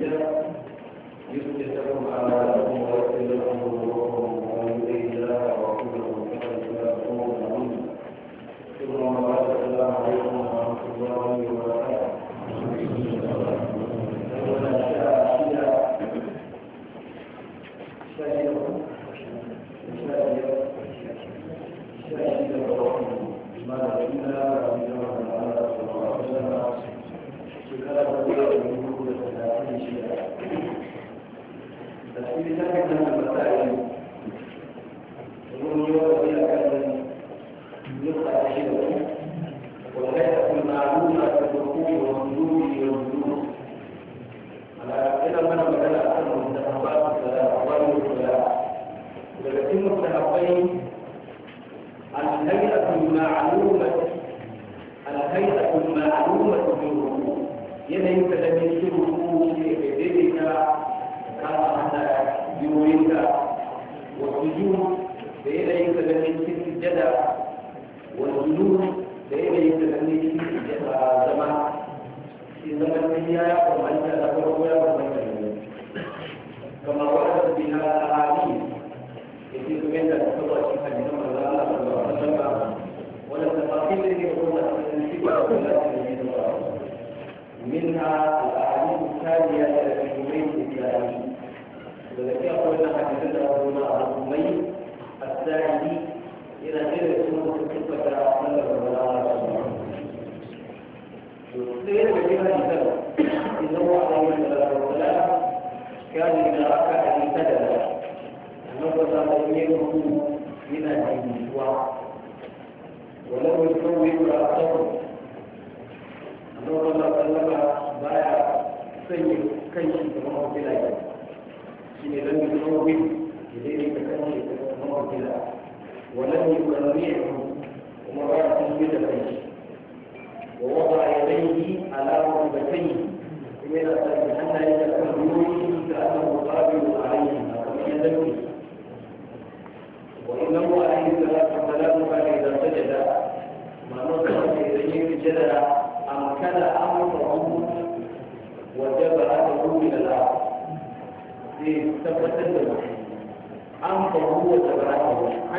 الهجرة يصلح لكم أعمالكم ويغفر لكم ذنوبكم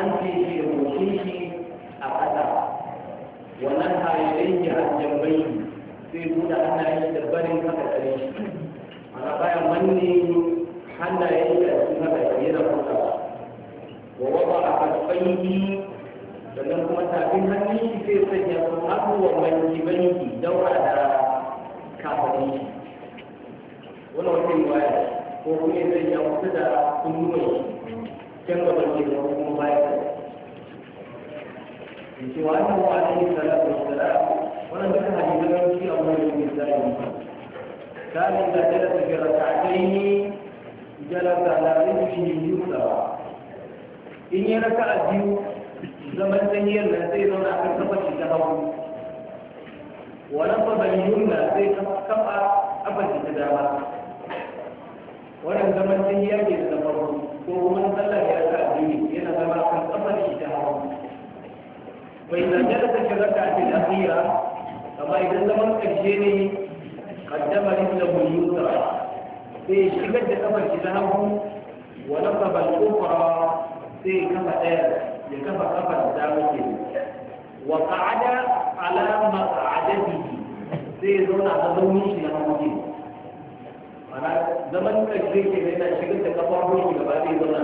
an shi da goshin shi a ƙasa wannan hayayen ya hajjabai sai buɗe yi da barin haka tsare shi ana bayan manne hannayen da sun haka da kuka wa waba a fasfaihi sannan kuma tafin hannun shi sai sanya su abubuwan manki banki daura da kafaɗin shi wani wata riwaya ko kuma ya sanya kusa da kunnuwan shi kyan gaban ke da kuma bayan da ke cewa yi wa ne da salatu da sara wannan duka hajji da yawanci a wani yankin zai yi ba ta ne da jala ta fi rasa a kai ne jala ta na zai fi shi biyu da ba in yi rasa a biyu zaman sanyiyar na zai zauna a kan shi ta hau wannan ba bai yi na zai kafa kafa shi ta dama wannan zaman sanyiyar ne da na farko ومن الله يا سعدين إلى ما كان قبل إشتهار فإذا جلس في الركعة الأخيرة أما إذا زمن الجيني قدم رجله اليسرى في شدة أمر شدهه ونصب الأخرى في كفة لكفة كفة دامته وقعد على مقعدته في زون على زونه mana zaman ƙarshe ke ne na shigar da kafafun shi gaba ɗaya zauna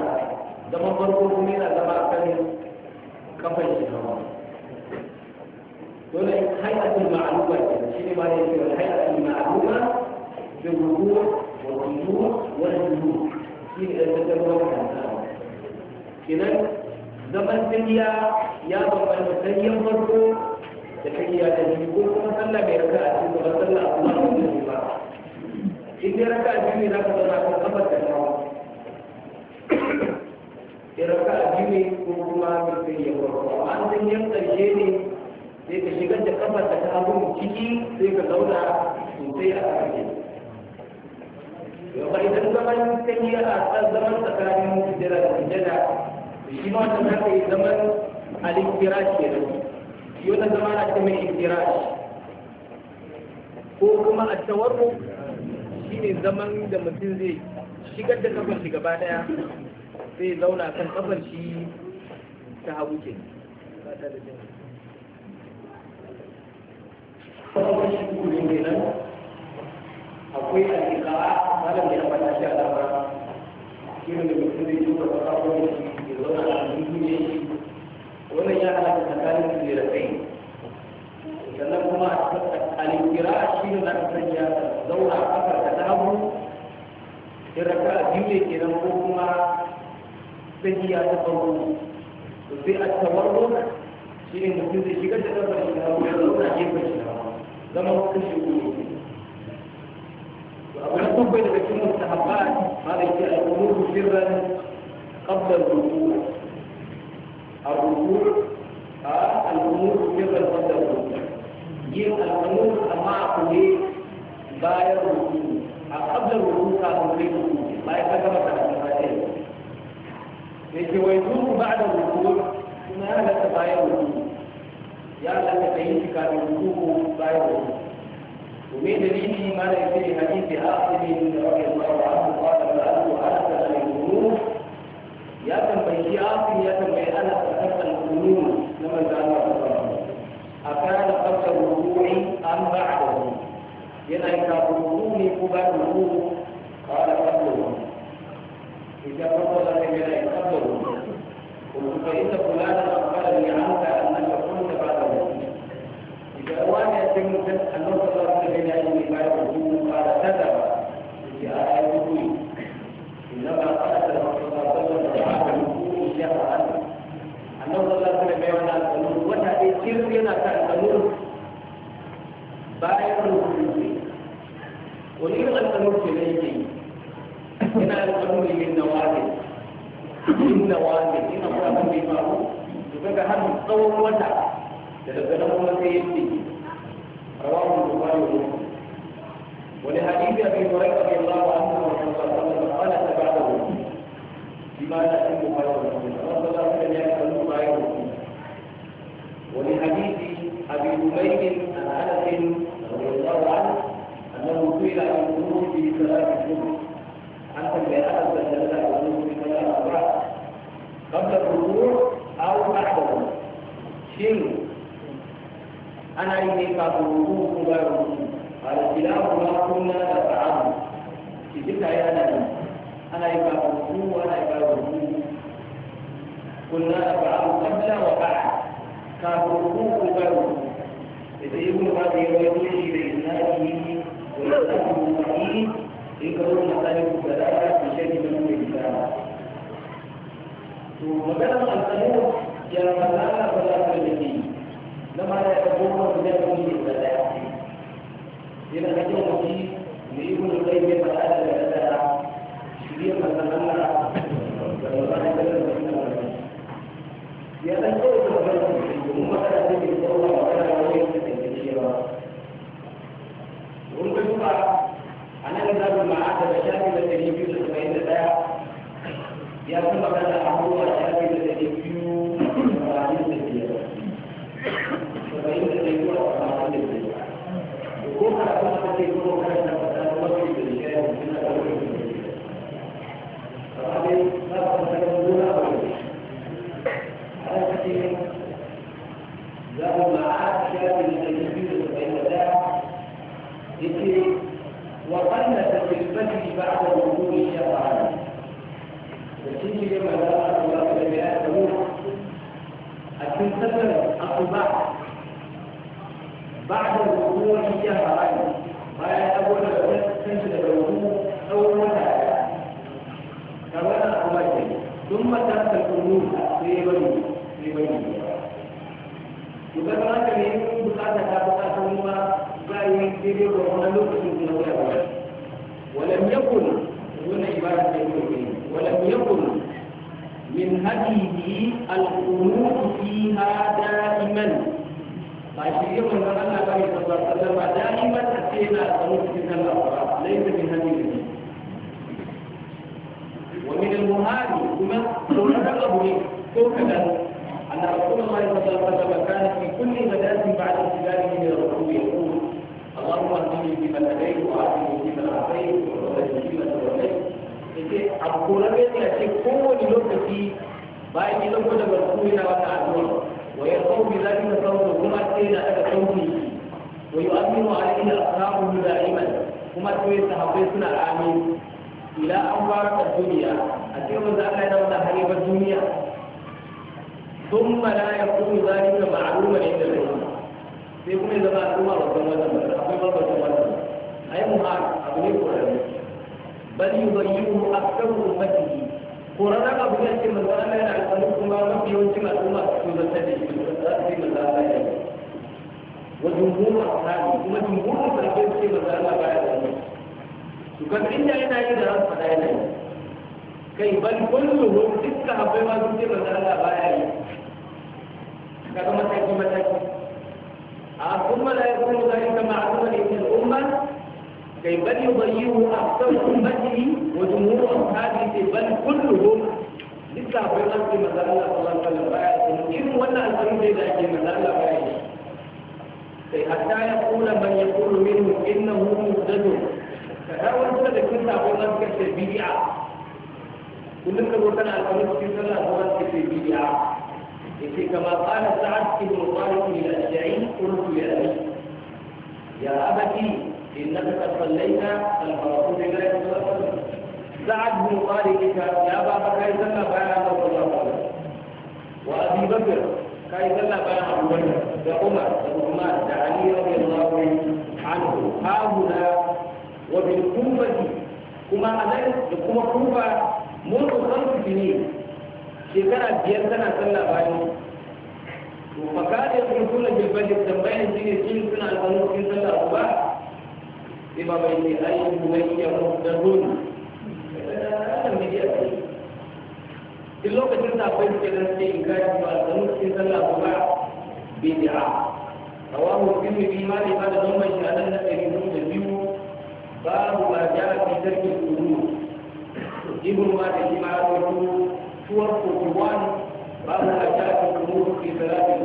zaman farko kuma yana zama a kan kafan shi gaba dole hayatul ma'aluma ce shi ne ma ne ce hayatul ma'aluma da rubuwa wa rubuwa wa rubuwa shi ne ɗan tattaruwa kanta kenan zaman tsakiya ya bambanta tsakiyar farko da tsakiya da biyu ko kuma sallah mai raka a cikin sallah a kuma ba in dai raka a biyu ne za ka zauna kan kafar da nawa in raka a biyu ne ko kuma mutum ya farko amma an san yan ƙarshe ne sai ka shiga da kama da ta hagu ciki sai ka zauna sosai a ƙarshe yau idan zaman kan yi a zaman tsakanin hijira da hijira shi ma ta za yi zaman al-iftirash kenan shi na zama na ta mai iftirash ko kuma a tawarru shine zaman da mutum zai shigar da kafar shi gaba daya zai zauna kan kafar shi ta hagu ke akwai alika da ya fata shi a dama shirin da mutum zai duba da kafar shi ya zauna a shi wannan ya halatta tsakanin da rai da raka a biyu ne kenan ko kuma tsakiya ta farko to sai a shi ne mutum zai shigar da kafar shi na hagu ya zauna gefen shi na hagu zama kashi uku ne abu na bakwai daga cikin mustahabbat ma da ke al'umuru sirran qabla al-ruku al-ruku a al'umuru sirran qabla al-ruku yin al'umuru amma a kule bayan ruku a kablar rubu ka kun kai rubu bayan ta gama ka kuma ba sai ne ke wai duhu ba da rubu kuma ya halatta bayan rubu ya halatta ka yi shi kafin rubu bayan rubu ومن دليله ما ليس في حديث آخر من رضي الله عنه قال فأنه أنس عن القنوت يا تنبيه آخر يا تنبيه أنس أنس القنوت لمن زال الله أكان قبل الركوع أم بعده yana yi kafin rumu ko ba da rumu kawai da kafin rumu idan farko za ka yana yi kuma kula da amfani hanka in ga wani matsayi ku ga daya ku shaidi da nan da gida ba. ya fara da ke da ya goma da da daya yi ذر المعاد بشر في بني في بني وكان هناك من بقاطع بقاطع ثم زي كبير وهنا من الأولاد ولم يكن هنا عبارة يقول ولم يكن من هديه القنوت فيها دائما طيب، فأشياء من الله صلى الله عليه وسلم دائما أتينا القنوت في ليس من هديه ومن المهاجر ما سنة أبو ليه كيف كذلك أن رسول الله صلى الله عليه وسلم كان في كل غداة بعد انتباهه إلى الرسول يقول اللهم اهدني فيمن هديت وأعطني فيمن أعطيت وأولدني فيمن توليت yake a koran yadda ya ce kowane lokaci bayan yi zama da barku yana wata addu'a wa ya sau bi zafi na sauka kuma ce na daga sauki wa yi aminu a ina ashabu da iman kuma ce sahabbai suna amin ila an fara duniya a ce manzo Allah ya zama hanyar duniya ثم لا يكون ذلك معلوما da العلم sai kuma ya zama al'umma ba san wannan ba akwai babban wannan ai muhar abu ne kurare bal yubayyihu aktsaru ummatihi kurare abu ya ce manzo Allah yana alƙalin kuma mafi yawancin al'umma su zanta da shi za su yi manzo Allah ya wa jumhuru kuma jumhuru sarki ce manzo Allah ba ya zanta kan inda yana yi da ran fada yana yi kai bal kulluhum dukkan akwai ma sun ce manzo Allah baya yi kaga mataki mataki a kuma la yakunu zalika ma'luman lil ummah kai bal yudayyihu akthar ummatihi wa jumhur ashabihi bal kulluhum dukkan akwai ma sun ce manzo Allah sallallahu alaihi wasallam baya yi irin wannan alƙawari da ake manzo Allah baya yi kai hatta ya kula man yaqulu minhum innahu muhtadun kada wanda da kinsa akwai ma sun ce bid'a kullum ka zo kana alƙawari cikin sallah ko wanda ke bid'a yace kama qala sa'ad ibn malik ila al-ja'in qultu ya abi ya abati innaka qad sallaita al-fardu bi ghayri salati sa'ad ibn malik ya baba kai sallah bayan Allah sallallahu alaihi wa abi bakr kai sallah bayan Abu Bakr da Umar da Uthman da Ali radiyallahu kuma alai da kuma mun kusan su ne shekara biyar tana sallah labari to makarin sun kuna bilbali tambayan shi ne shi suna alfanu cikin san ba sai ba bai ne ayi buwayya mudarrun da midiya ce duk lokacin da akwai suke nan sai in kaji ba alfanu cikin sallah ku ba bid'a rawahu tirmidhi ma da ba da zaman shi a nan da ɗari da biyu babu ma ja'a ke ibn wadi ima wa tu tuwar ko tuwan a ta ko mu ki salati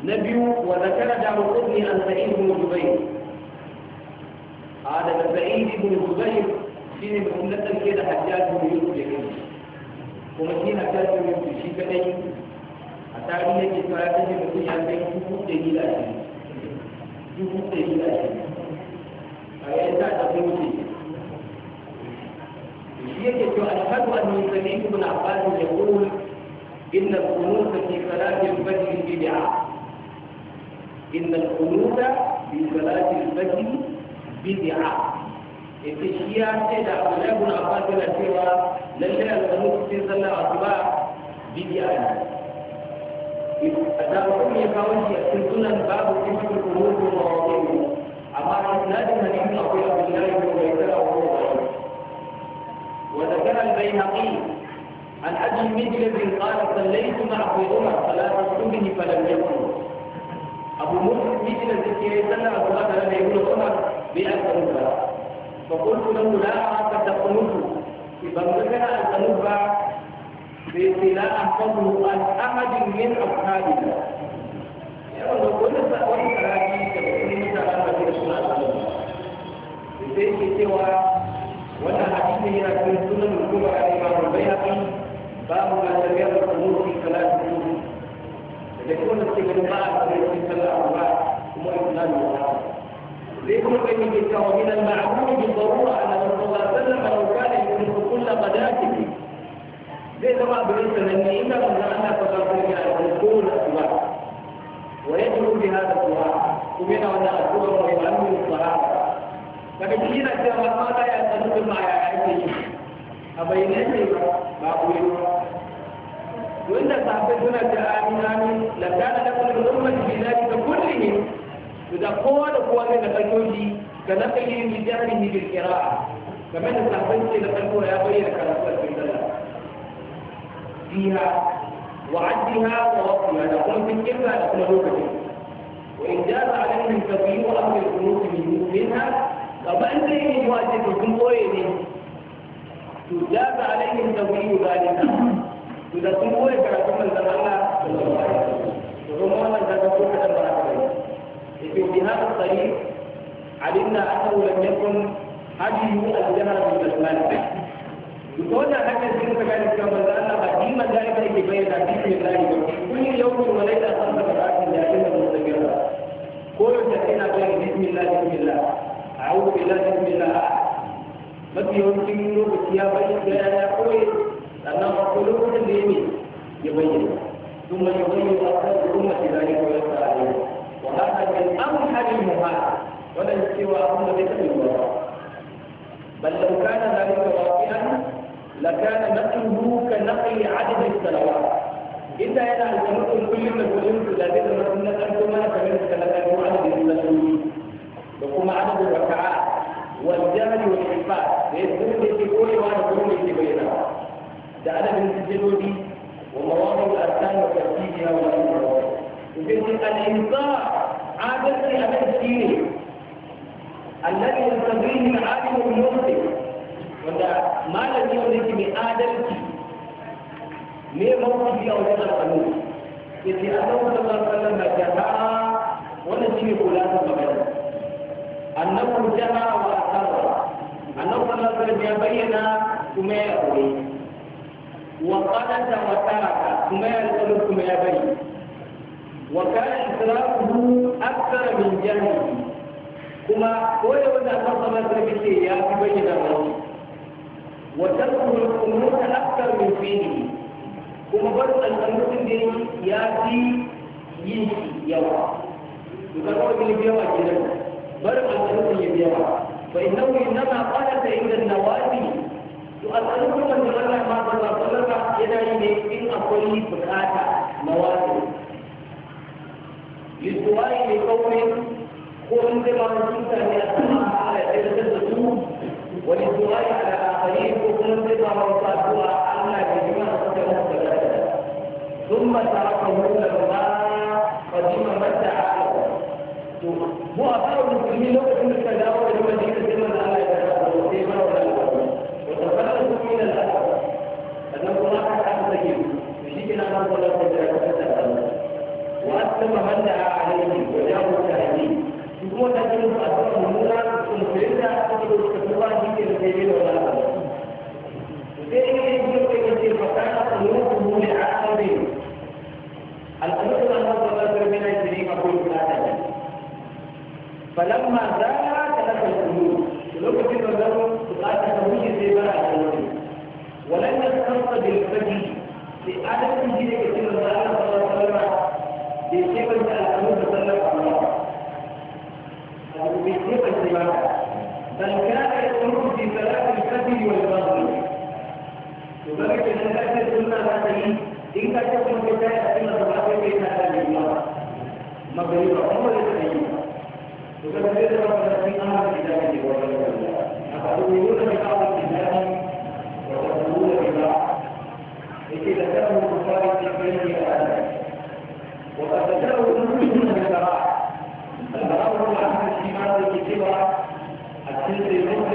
biyu wa zakara da mu هذا سعيد بن الزبير شيء من أمة كده حجاج بن يوسف يكلم kuma shi na kan yin su shi kadai a tarihi yake fara ta ce mutum ya kai dubu ɗari da shi dubu ɗari da shi a yayin ta ta kai wuce shi yake cewa ashhadu anni sami'tu ibn abbas yaqul inna al-qunut bid'a ita shi ya ce da Abdullahi ibn Abbas yana cewa lalle al-qanut cikin sallar asuba bid'a ne da mutum ya kawo shi a cikin babu cikin qunut wa wa'idu amma isnadin hadisi akwai Abdullahi ibn Baydara wa sallai وذكر البيهقي عن ابي مجلد قال صليت مع ابي عمر صلاه الصبح فلم يكن ابو a مجلد كي da الصلاه لم يكن عمر بأكثر البلاء فقلت له لا أراك تقنط بمسكنا أن تنبع بإذن لا أحفظه عن أحد من أصحابنا يا رب كل سأقول سلامي كبيرين سلامة رسول الله بسيك سوى وانا حديثه هنا في السنن الكبرى الإمام البيهقي باب ما سمع القنوط في ثلاث قنوط لتكون استجماع في صلاة الله ثم إسلام الله ذكر بيتك ومن من المعلوم بالضروره ان صلى الله عليه وسلم لو كان يدرك كل قداته زي ما بالنسبه لاني اذا كنت انا فقط يقول السؤال ويدعو بهذا الدعاء ومن هنا الدعاء ويؤمن الصلاه لكن هنا كما قال يا سيدنا مع عائشه أبينتي ما أقول وإن صاحبتنا جاء من آمين لكان لكم الأمة في ذلك كلهم إذا قوة قوة لنفلوجي كنقل من جهله بالقراءة كمان الصحابي لنفلوه يا بي لكرافة في الله فيها وعدها ووقفها نقول في الكلمة نقول كثير وإن جاز عليهم تبيين أمر القنوط منها طب أنت إيه واجب الجمهور تجاز عليهم تبيين ذلك إذا كنت كرافة من الله صلى الله عليه وسلم وما من ذلك في هذا الطريق علمنا أنه لم يكن هديه الجهر من جسمان يقول حتى سيدنا فقال كما أن قديما ذلك يتبين بسم الله كل يوم وليلة خمسة مرات لكن مستمرة كل سكينة بين بسم الله بسم الله أعوذ بالله بسم الله mafi yawancin lokaci ya bayyana ya koyi sannan a koyi lokacin da ya ne ya bayyana ثم يبين أكثر الأمة ذلك ويسعى عليه وهذا من امحل المهاد ولن سوى أمر مثل الوراء بل لو كان ذلك واقعا لكان نقله كنقل عدد السنوات إذا أنا أتمنى كل من الكلمة ذلك مثلا أنتم ما لك لكم عدد المسؤولين لكم عدد الركعات والجهل والحفاظ لأن كل في كل واحد كل في بينها ده أنا من الجنود الإنصاف عادة التسجيل الذي يستبين عالم المخطئ وده ما الذي يملك من آدمتي من موقفي أو لنا القانون يتي أنه صلى الله عليه وسلم جمع ونسيه فلان وغيره أنه جمع وأثر أنه صلى الله عليه وسلم بين ثم وقلد وترك ثم يلقل ثم بين وكان إسلامه أكثر من جهله كما هو يبدا فصل تركتي يا أبي الله وتركه الأمور أكثر من فيه كما برد الأمور دي ياتي ينشي يوا يقرأ من بيوا جدا برد الأمور يبيوا فإنه إنما قالت عند النوادي تؤثركم من الله ما إذا إلى إن أقول لي بكاتا نوادي للسؤال لقوم قل كما كنت من يسمع على تلك الرسول وللدعاء على اخرين قل كما وصلتها على بما تتمثل ثم تركه لما قدم متى هو أثار المسلمين لو كنت فمن دعا عليه وجاءه التعليم يكون تكلم أسرار المولى المسلمين أقول الله في الكثيرين ولا أقل فإن يجب أن يجب فكان قلوبه لعاقبين القلوب أن الله من الكريم أقول فلما زاد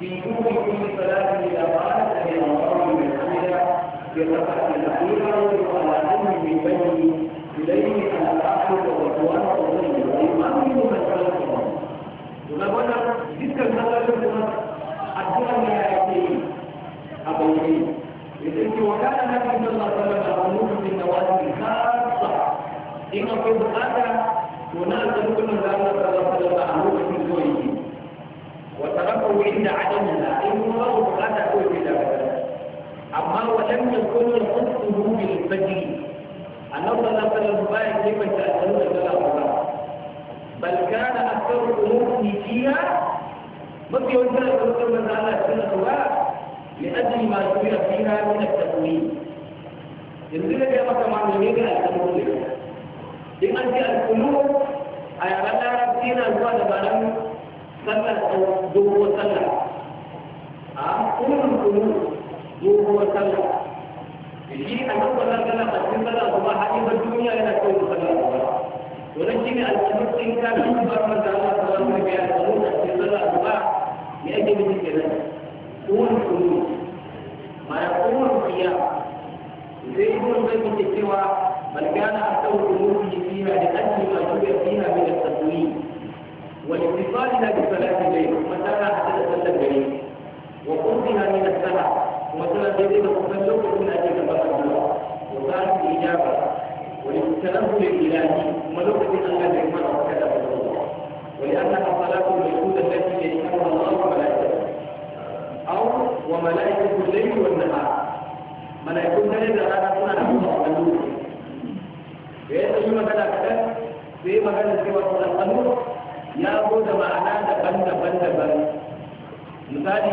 في كل كل صلاة إلى قال سمع الله من حمده بركعة الأخيرة وصلاة من بيني إليه أن أعبد وأكون أصلي ويؤمن من خلقه ونقول ذكر هذا الكلام أدعى من آياته أبويه kullum kun sun zuru ne da sanyi a nan ba za ta lalu baya ke mai ta asiru da gala kuma balkana a kan kullum ni jiya mafi kuma kan maza ala cikin kuma ya ajiye masu yi a fina min da tafiye yanzu da ya maka ma mai gina a kan kullum in an ji alkulu a yaran larabci yana zuwa da baran sallar ko dogo sallar a kullum kullum dogo sallar shi a nan wannan kana a cikin kana kuma haɗin ba duniya yana kyau da kana kuma to nan shi ne a cikin cikin kana kuma ba ta Allah ta da a cikin kana kuma ya ake miji kenan kuwar kunu ma'ana kuwar kiya zai yi mun zai muke cewa bal kana akan kunu fi fiha da anni ma tuba fiha min at-tasbih wa ittifalina bi salati layl mata hada sallar gari wa qurbiha min as kuma suna daidai da kusan lokacin da ake gaban addu'a wa za su yi jaba wa yi talambu da ilahi kuma lokacin Allah da kuma ɗauka da addu'a wa yi annan asalatu mai kuda lafi da shi kan Allah wa mala'ikatu au wa mala'ikatu laifin wannan ha mala'ikun dare da rana suna da kuma wannan lokaci da yadda yi magana kaɗan sai magana cewa sunan Allah ya zo da ma'ana daban-daban daban misali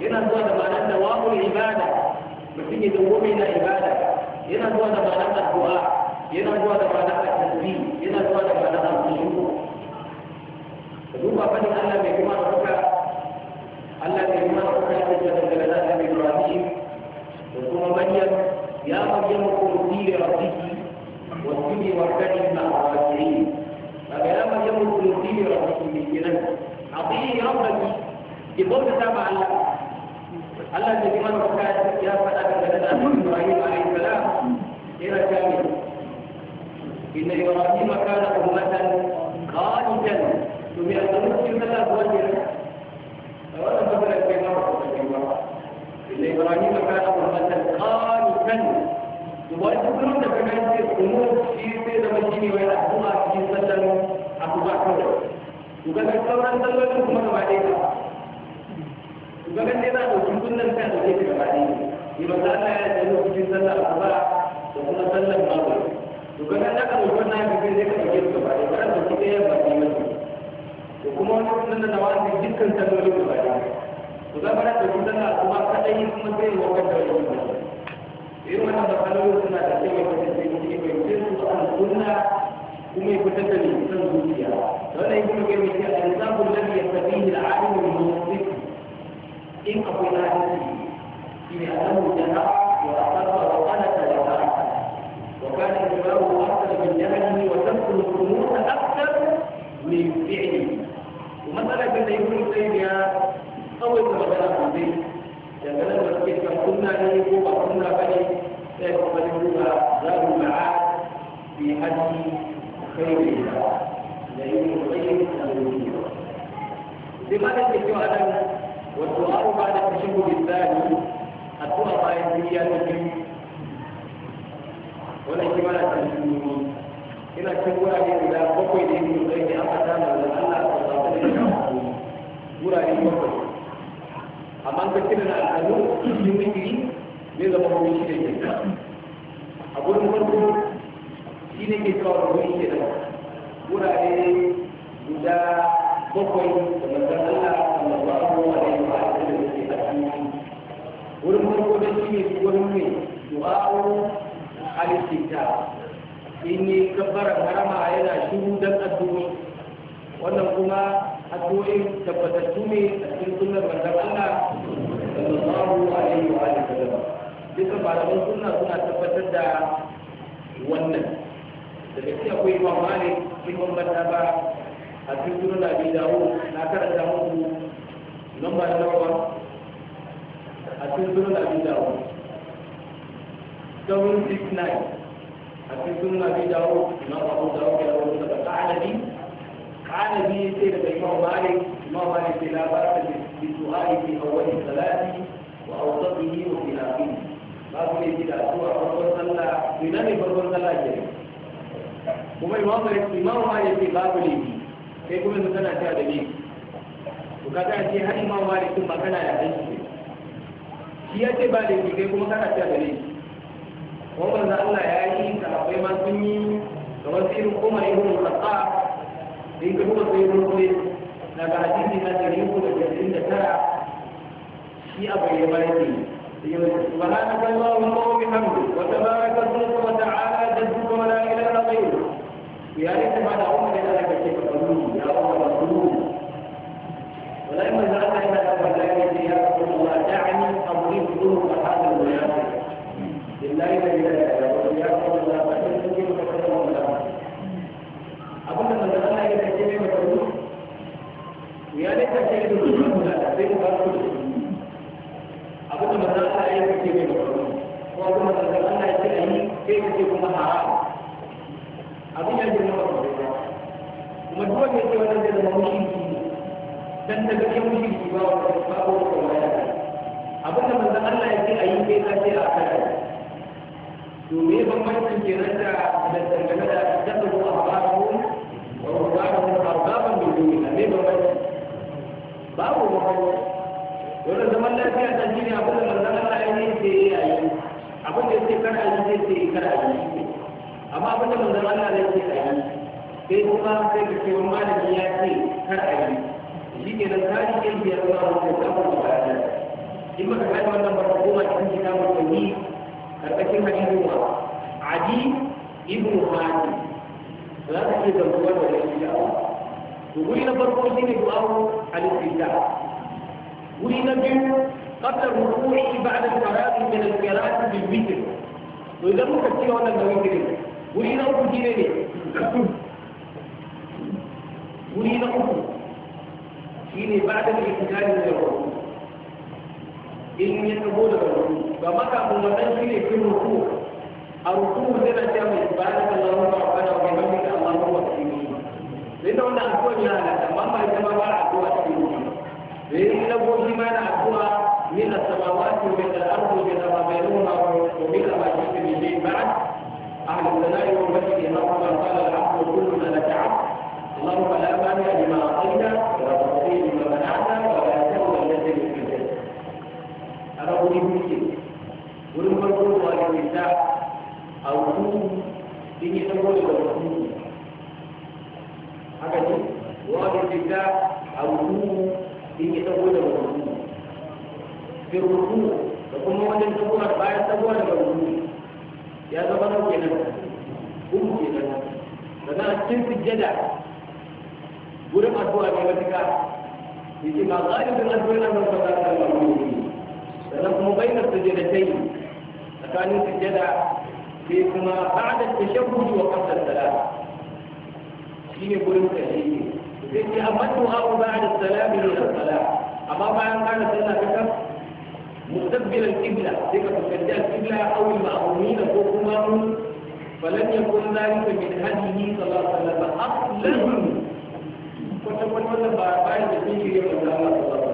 yana zuwa da ma'anar da wa'ul ibada mutum ya dawwame na ibada yana zuwa da ma'anar addu'a yana zuwa da ma'anar tasbih yana zuwa da ma'anar al-khushu duba fadin Allah mai kuma da kuka Allah mai kuma da kuka ya ce daga da Allah Ibrahim da kuma Maryam ya Maryam qurbi rabbiki wasbi warkani ma'awatin daga ya Maryam qurbi rabbiki kenan عطيه ربك يضل تابع الله Allah da liman wata ya faɗa daga da Ibrahim alayhi salam yana cewa inna Ibrahim kana ummatan qanitan to bi al-mulki kala wala fadra kai ma inna Ibrahim kana ummatan qanitan to wani kuma da kaga ce umur shi sai da mutune wai addu'a cikin sallar abu bakar to ga sauran sallolin kuma gaba ɗaya to ga za a ɗauki sunan ta ɗauke ta gaba ɗaya ne ba za a ya da lokacin sallar asuba da kuma sallar maghrib to ga aka ɗauki wannan ya fi sai ka ta gaba ɗaya ba a ɗauki ɗaya ba ɗaya ba to kuma wani sunan da na wani dukkan salloli gaba ɗaya to za a ɗauki sallar asuba kaɗai kuma sai ya wakanta wani gaba irin wannan matsalolin suna da kyau ya fita sai mutum ya fahimce su a sunna kuma ya fitar da mai son zuciya wannan yake yanzu mai cewa al-zabu lam yastabihi al-alimu min إن أقول هذه في أنه جنى وأثر وقلت وقلت وكان إجباره أكثر من جهله وتبذل الأمور أكثر من فعله ومثلا كنت يقول السيد يا أول ما بدأنا عندي لأننا نسكت كنا نجيب وكنا بني سيد قبلنا المعاد في هدي خير الله لأنه خير الوجود لماذا تجوا أنا والدعاء بعد التشهد الثاني الدعاء بعد التحيات الكريم wannan shi mana kan shi ina cikin wurare guda bakwai da yake sai ne aka tana da Allah ta zaba da shi wurare bakwai amma ka kira na al'adu shi wuri ne zama wuri shi ne ke a gurin farko shi ne ke kawo wuri ke da wurare guda bakwai da wurin farko da shi ne wurin mai du'a'u al-istikta in yi kabbara harama yana shiru dan addu'o'i wannan kuma addu'o'i tabbatattu ne a cikin sunnar manzon Allah sallallahu alaihi wa alihi wasallam duka malaman sunna suna tabbatar da wannan da gaske akwai imam malik imam mazhaba a cikin sunan abi dawud na karanta muku lamba na nawa أتذكر أبي داود سون سيسناي أتذكر أبي داود ما أبو داود يا رسول الله قال لي قال لي سيد الإمام مالك الإمام مالك لا بأس بسؤال في أول الصلاة وأوسطه وفي آخره ما هو الذي لا سوى رسول الله من أن يفرق الصلاة جميعا وما الإمام مالك الإمام مالك لا بأس لي كيف يمكن أن أتى بني وكذا أتى هذه الإمام مالك ثم كان يعيش shi ya ce ba da yake kai kuma kana cewa gare shi wannan da Allah ya yi akwai ma sun yi da wasu irin Umar ibn Khattab da yake kuma sai mun kule na ga ne na da yiko da jirgin da tara shi a bayyana yake سبحانك اللهم وبحمدك وتبارك اسمك وتعالى جدك ولا اله غيرك يا ريت بعد عمري انا كيف اقول تنظيم طرق هذا الولايات لله الا والولايات ولا فإن تجيب فتكون ولا أقول لك أن الله يتجيب فتكون ويا ليت تجيب فتكون لا تجيب فتكون أقول لك أن الله يتجيب فتكون وأقول لك أن الله يتجيب كيف تكون حرام أقول لك أن الله ومن هو يتجيب فتكون dan daga yawan shi ba wa ba wa abin da Allah ya ce a yi kai ce a kai to me bambancin kenan da da dangane da ko dabbu wani babu ba ba ban da duniya me bambanci babu ko wannan zaman lafiya ta shine abin da manzon Allah ya yi ce a yi abin da yake kar a yi sai ce kar a yi amma abin da manzon Allah ya ce a yi sai kuma sai ka ce malami ya ce kar a yi shi kenan ka rike biyar zuwa wanda ta kuma ba in muka haɗa wannan babban goma cikin kitabun tauhid karkashin hadisin wa adi ibnu hadi za ka iya gamsuwa da wani da to guri na farko shi ne du'a'u al-istida guri na biyu qabla ruku'i ba'da al-faragh min al-qira'ati bil witr to idan muka ci wannan da witr guri na uku shi ne ne guri na uku shi ne ba'da al-ihtidal min al-ruku' in ya taho daga wuri ba maka mun wannan shi ne kin ruku a ruku zai na ce mai bayan Allah ba ba da wani wani da Allah ba wani shi ne da wannan addu'a ne na da amma mai zama ba addu'a ce ne in na goshi ma na addu'a min as-samawati wa min al-ardi wa min ma bainahuma wa min ma shi'a min shay ba'd أهل الثناء والمجد ربما قال العبد كلنا لك عبد اللهم لا مانع لما أعطيت ولا تعطي لما منعت rauni kuke wurin farko ba da nisa a hukumu sun yi tsawo daga hukumu haka ne wa da nisa a hukumu sun yi tsawo daga hukumu fi hukumu da kuma wajen tsawowar bayan tsawo daga hukumu ya zama nau kenan hukumu kenan sannan a cikin sujjada wurin addu'a ne matuƙa yake ba galibin addu'a nan ba za ta zama فنحن بين السجدتين فكانوا سجدا في كما بعد التشهد وقبل السلام في يقول لك شيء يقول وبعد السلام من الصلاة اما بعد كان سيدنا بكر مستقبل القبله ذكر تشجع القبله او المامومين فوقهم فلن يكون ذلك من هديه صلى الله عليه وسلم اصلا فتقول لهم بعد ذلك يقول الله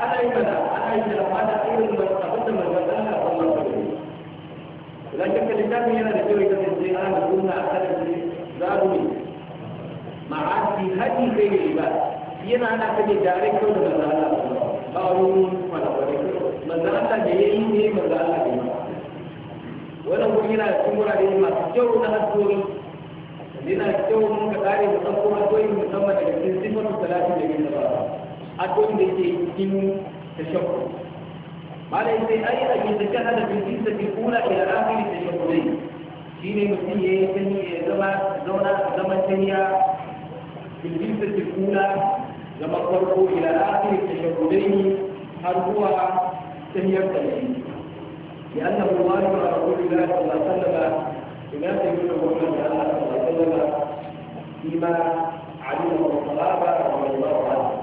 ana yi mana ana yi da ana irin abin da manzon Allah sallallahu alaihi wasallam idan kika littafin yana da kyau ya kasance ana nuna a kan shi zaru ne ma'asi hadi kai ne ba yana ana kaje dare kyau da manzon Allah ba wani kwalakwale manzon Allah da yi ne manzon da ne Wani guri yana cikin wurare masu kyau na hasori yana kyau mun ka kare da ɗauko hasori musamman daga cikin sifatu talatin da biyu na ba أكون لكي يتم تشكر ما ليس أي أن يتجهل في الجلسة الأولى إلى آخر التشكرين شين مسيح يتني زما زونا زما في الجلسة الأولى لما قربوا إلى آخر التشكرين هل هو تنيا التشكرين لأنه الله رسول الله صلى الله عليه وسلم بما رسول الله صلى الله عليه وسلم فيما علمه الصحابة رضي الله عنهم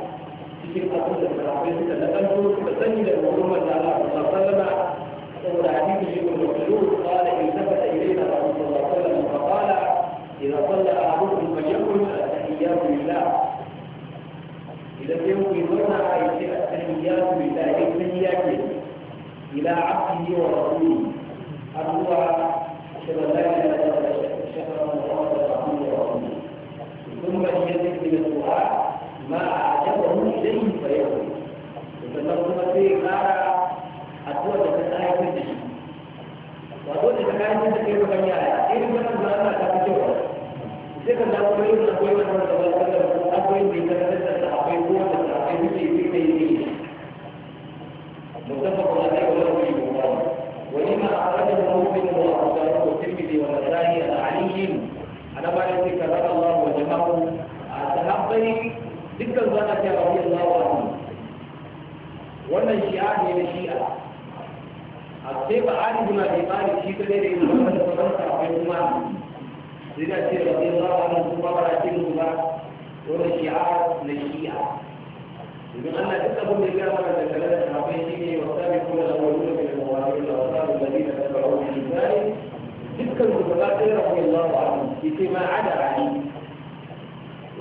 cikin abin da sahabbai suka nakalto suka sani da Muhammad sallallahu alaihi wasallam saboda hadisi shi ko mutulu qala in tafata ilayna rasulullah sallallahu alaihi wasallam fa qala idza salla ahadukum falyakul at-tahiyyatu lillah idan sai ku zauna a yi at-tahiyyatu lillah ai tahiyya ke ila abdihi wa rasulihi addu'a shaballa ila ثم ليزد من الدعاء ما أعجبه إليه فيقول وسلم كما في قال أقوى تكتاية كنتش وأقوى تكتاية كنتش كيف بني آية إيه بنا بنا تكتشوه إذا كان أقوى يقول أقوى يقول أقوى يقول أقوى يقول أقوى يقول أقوى يقول متفق عليه وله في المقام ولما أخرجه مسلم وأبو داود والترمذي والنسائي dukkan zaka ta rabi Allah wa ni wannan shi'a ne na shi'a a sai ba ali bin abi talib shi kadai da imam da sauran sahabbai kuma sai da ce rabi Allah wa ni kuma ba ta mu ba wannan shi'a na shi'a idan Allah duk abin da ya gama da kallon shi ne wa da sabiquna da awwaluna da al da wa da alladhina tabi'u bi ihsan dukkan su gaba ɗaya rabi Allah wa anhu sai ma ada ali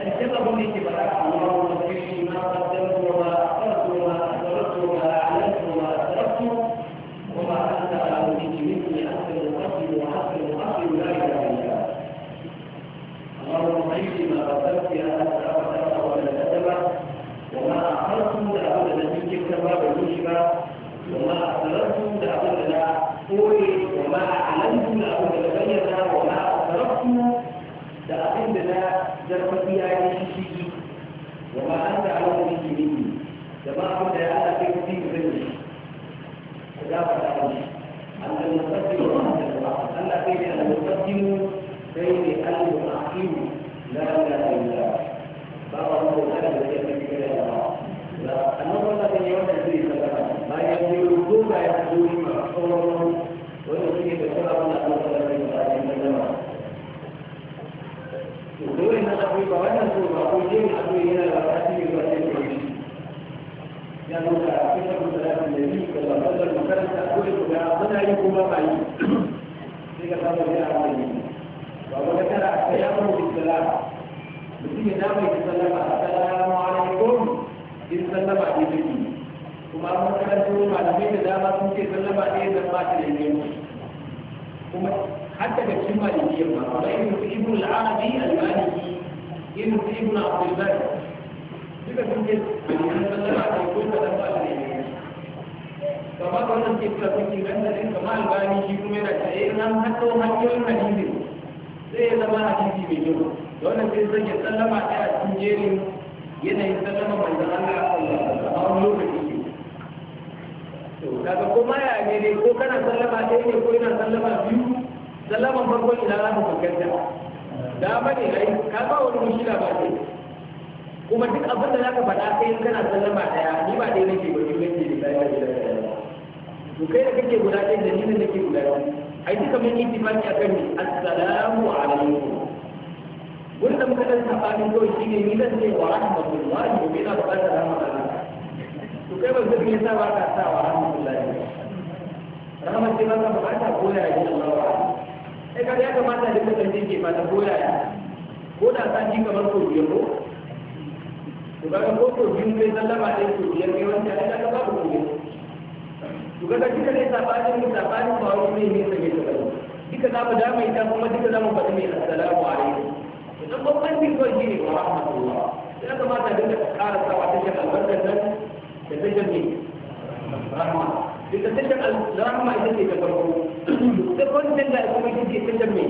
السبب اللي تبقى الله يشفي ما قدمت يبنى قال ابن العربي المالكي ابن ابن عبد البر كيف تمكن ان يتبع يكون تدفع kamar wannan ke tafi kiran da din kamar albani shi kuma yana ta eh nan hakko hakkin hadisi sai ya zama hadisi mai kyau da wannan sai zan ya sallama ta a cikin jerin yanayin sallama manzon Allah sallallahu alaihi wasallam lokaci to daga kuma ya ne ko kana sallama ɗaya ne ko yana sallama biyu sallaman farko ina za ka fuskanta da ba ne ai ka ba wani mushila ba ne kuma duk abin da za ka faɗa kai kana sallama ɗaya ni ba dai nake ba ni nake da ɗaya da ɗaya to kai da kake guda ɗaya da ni ne nake guda ɗaya ai duka mun yi tifaki akan ni assalamu alaikum wani da muka ɗan saɓanin kawai shi ne ni zan ce wa rahmatullahi wa bai na buƙatar rahmatullahi to kai ba zai yi sa ba ka sa wa rahmatullahi rahmatullahi ba ka buƙata ko ya yi Allah wa rahmatullahi sai ya kamata da mutum ne ke fata ko ko da sati kamar ko biyar ko to ga ko ko biyu kai sallama dai ko biyar kai wanda ai ka babu ko to ga kika ne sabanin mu sabanin ba wani ne ne sai ka duka za mu dama ita kuma duka za mu faɗi mai assalamu alaikum dan babban din ko shine wa rahmatullah sai ka mata duka ƙara sawa ta shekar albarkar nan da ta jami'a rahma duka ta shekar rahma ita ce ta farko da wannan da kuma yake ta mai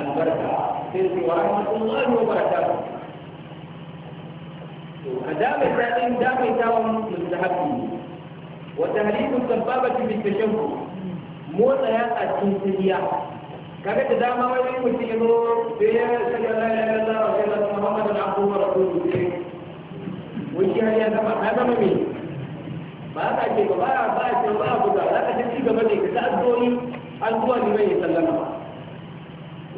albarka sai su wa rahmatullahi wa barakatuh a adama ta din da mai tawon mustahabi wa tahlilu sababati bi tashahhud motsa ya a cikin kaga da dama wani mutum ya zo sai ya sanya la ilaha illallah wa sallallahu alaihi wa ya zama ya zama mai ba ka ce ba ba ba ce ba ku da za ka ci gaba ne ka ta addu'o'i an zuwa ne mai sallama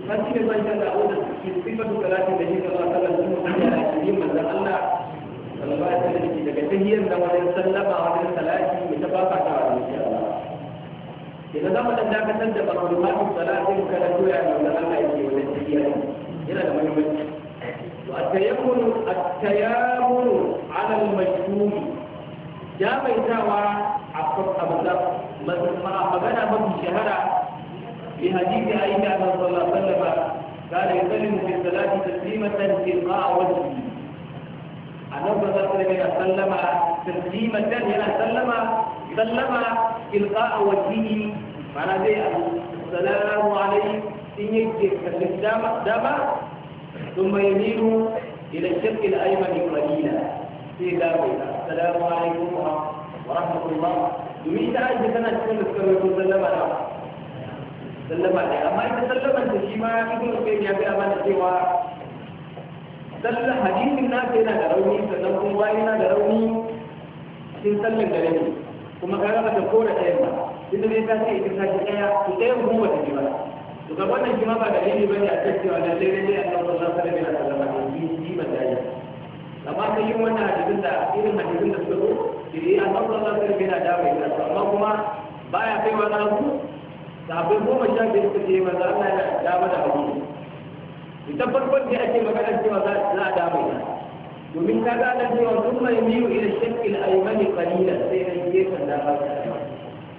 kan ci gaba da da wannan sifatu salati da shi Allah sallallahu alaihi wasallam ya yi manzon Allah sallallahu alaihi wasallam daga tahiyyar da wajen sallama wajen salati mai tabaka ta insha Allah idan zamu dan dakatar da barkatu salatin kada koya ne da Allah yake wajen tahiyyar yana da muhimmanci wa at-tayammunu at-tayammunu 'ala al-majhul ya mai tawa a kwakwabar masamman a magana mafi shahara bi hadisi a yi gaban sallafan da da yi tsallin da tsimatar ke ba a wajen yi a nan ba za su sallama tsimatar yana sallama sallama ilka a wajen yi mana zai abu salamu alai sun yi ke kallin dama sun mai nilu ila shirkin aimani kwalila sai ga mai dama assalamu alaikum wa domin ita aisha tana cikin da suka sallama da sallama da amma ita sallaman ta shi ma ibn Qayyim ya ga mana cewa sallan hadisin na yana da rauni sannan kuma wani yana da rauni cikin sallan da rauni kuma ka raba ta kora ɗayan ba ita ne ta ce ita ta ba ba wannan shi ba da rauni ba ne a kan cewa lallai lallai Allah sallallahu alaihi wa da sallama da shi ba da yi amma kai yin wannan hadisin da irin hadisin da suka zo shi a sallallahu alaihi wasallam yana da mai da amma kuma baya kai wa zaku sahabbai goma sha biyar biyu suka ce manzo Allah dama da mana hadisi ita farkon da ake magana cewa za a da mai da domin ka ga da cewa sun mai miyu ila shakil aymani qalilan sai an gefen da ba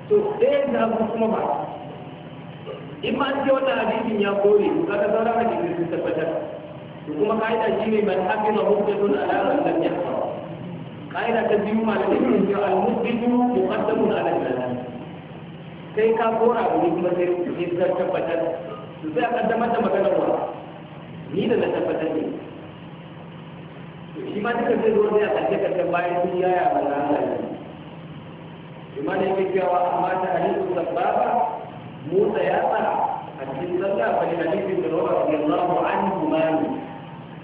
to sai da kuma ba in ma an ce wannan hadisin ya kore ka ga sauran hadisin sun tabbatar to kuma ka'ida shi ne man hafiza hujjatun ala man lam yahfaz ka'ida ta biyu malamai sun ce al-musbitu muqaddamun ala al-lazim sai ka kora abu kuma sai ka tabbatar to sai a kaddamar da maganar wa ni da na tabbatar ne shi ma duka zai zo ne a ƙarshe ƙarshen bayan sun yaya ba na Allah ne shi ma ne yake cewa amma ta halittu sababa ya tsara. a cikin sallah fa ni hadisin da rawar radiyallahu anhu ma ne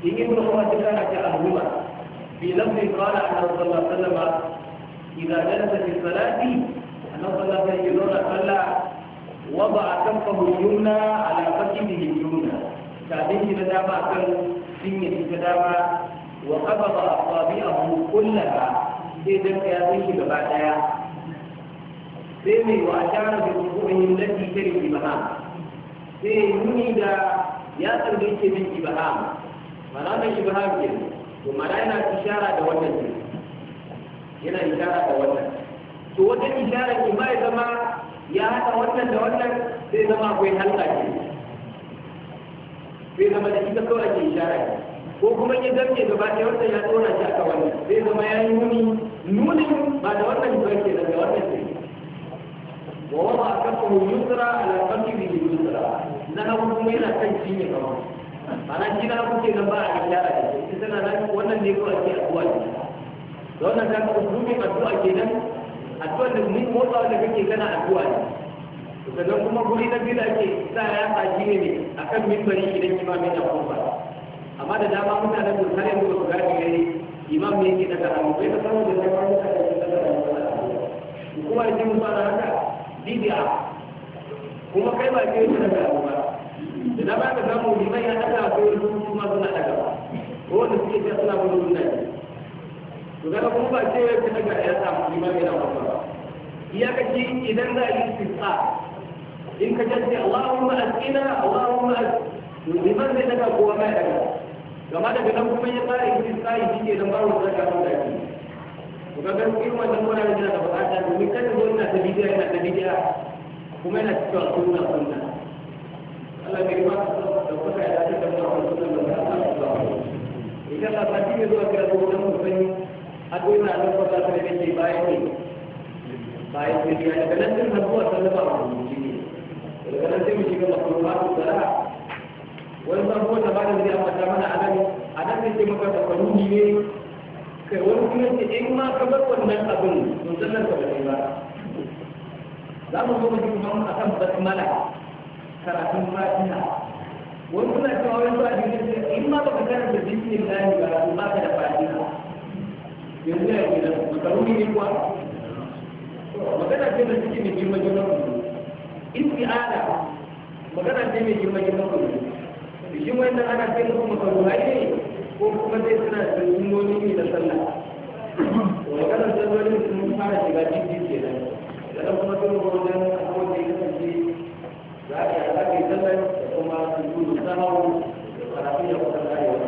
إني من هو أتفاعة أهلما في لفظ قال أن صلى الله عليه وسلم إذا جلس في الصلاة أن صلى الله عليه وسلم وضع كفه اليمنى على فخذه اليمنى كابين تدامى كان سنة تدامى وقبض أصابعه كلها إذا كابين بعدها سمي وأشار بوجوههم التي تري بها سيمني يا تربيت من إبهام mana mai ibrahim ke to mana yana ishara da wannan ne yana ishara da wannan to wajen ishara ki mai ya zama ya haɗa wannan da wannan sai zama akwai halka ke sai zama da ita kawai ke ishara ko kuma ya zarge gaba ɗaya wannan ya tsora shi aka wannan sai zama ya yi nuni nunin ba da wannan ba ke da wannan ne wa wama akakum yusra ala qalbihi yusra na hawo kuma yana kan cinye gaba ana kina kuke ga ba a ishara da shi tana nan wannan ne ko ake addu'a ne da wannan ka addu'a addu'a da mun motsa da kake addu'a ne sannan kuma guri na biyu da ake sa ya ne mimbari idan amma da dama da su gane ne imam ne yake daga hannu bai da daga hannu kuma haka kuma kai ba ke daga hannu ba idan ba ka samu liman ya hada ko wani su kuma suna daga ko wanda suke ta suna wani wani to daga kuma ba ce ya daga ya samu liman yana wani ba iyakaci idan za a yi istisqa in ka jace Allahumma asqina Allahumma liman zai daga kowa mai daga gama daga nan kuma ya fara istisqa shi ke da baro zaka da shi to kaga irin wannan wannan da da bukata domin kada zo ta bidiya ina ta bidiya kuma ina cikin sunna sunna Allah bai da ta san ba idan ka ta in ma ka wannan abin to sannan ka bari zo mu ji kuma akan basmala karatun fatina wani suna cewa wani zuwa jirgin in ma baka karanta jirgin lahi ba to ba ka da fatina yanzu ya ke nan makaruni ne kuwa magana ce da suke mai girma girma kuma isti'ala magana ce mai girma girma kuma shi wannan ana ce musu makaruni ne ko kuma zai suna da sunnoni ne da sallah magana sallolin sun fara shiga jirgin kenan da kuma sun wajen abubuwan da ya kasance za ka yi sallar da kuma su yi da karatun da kuma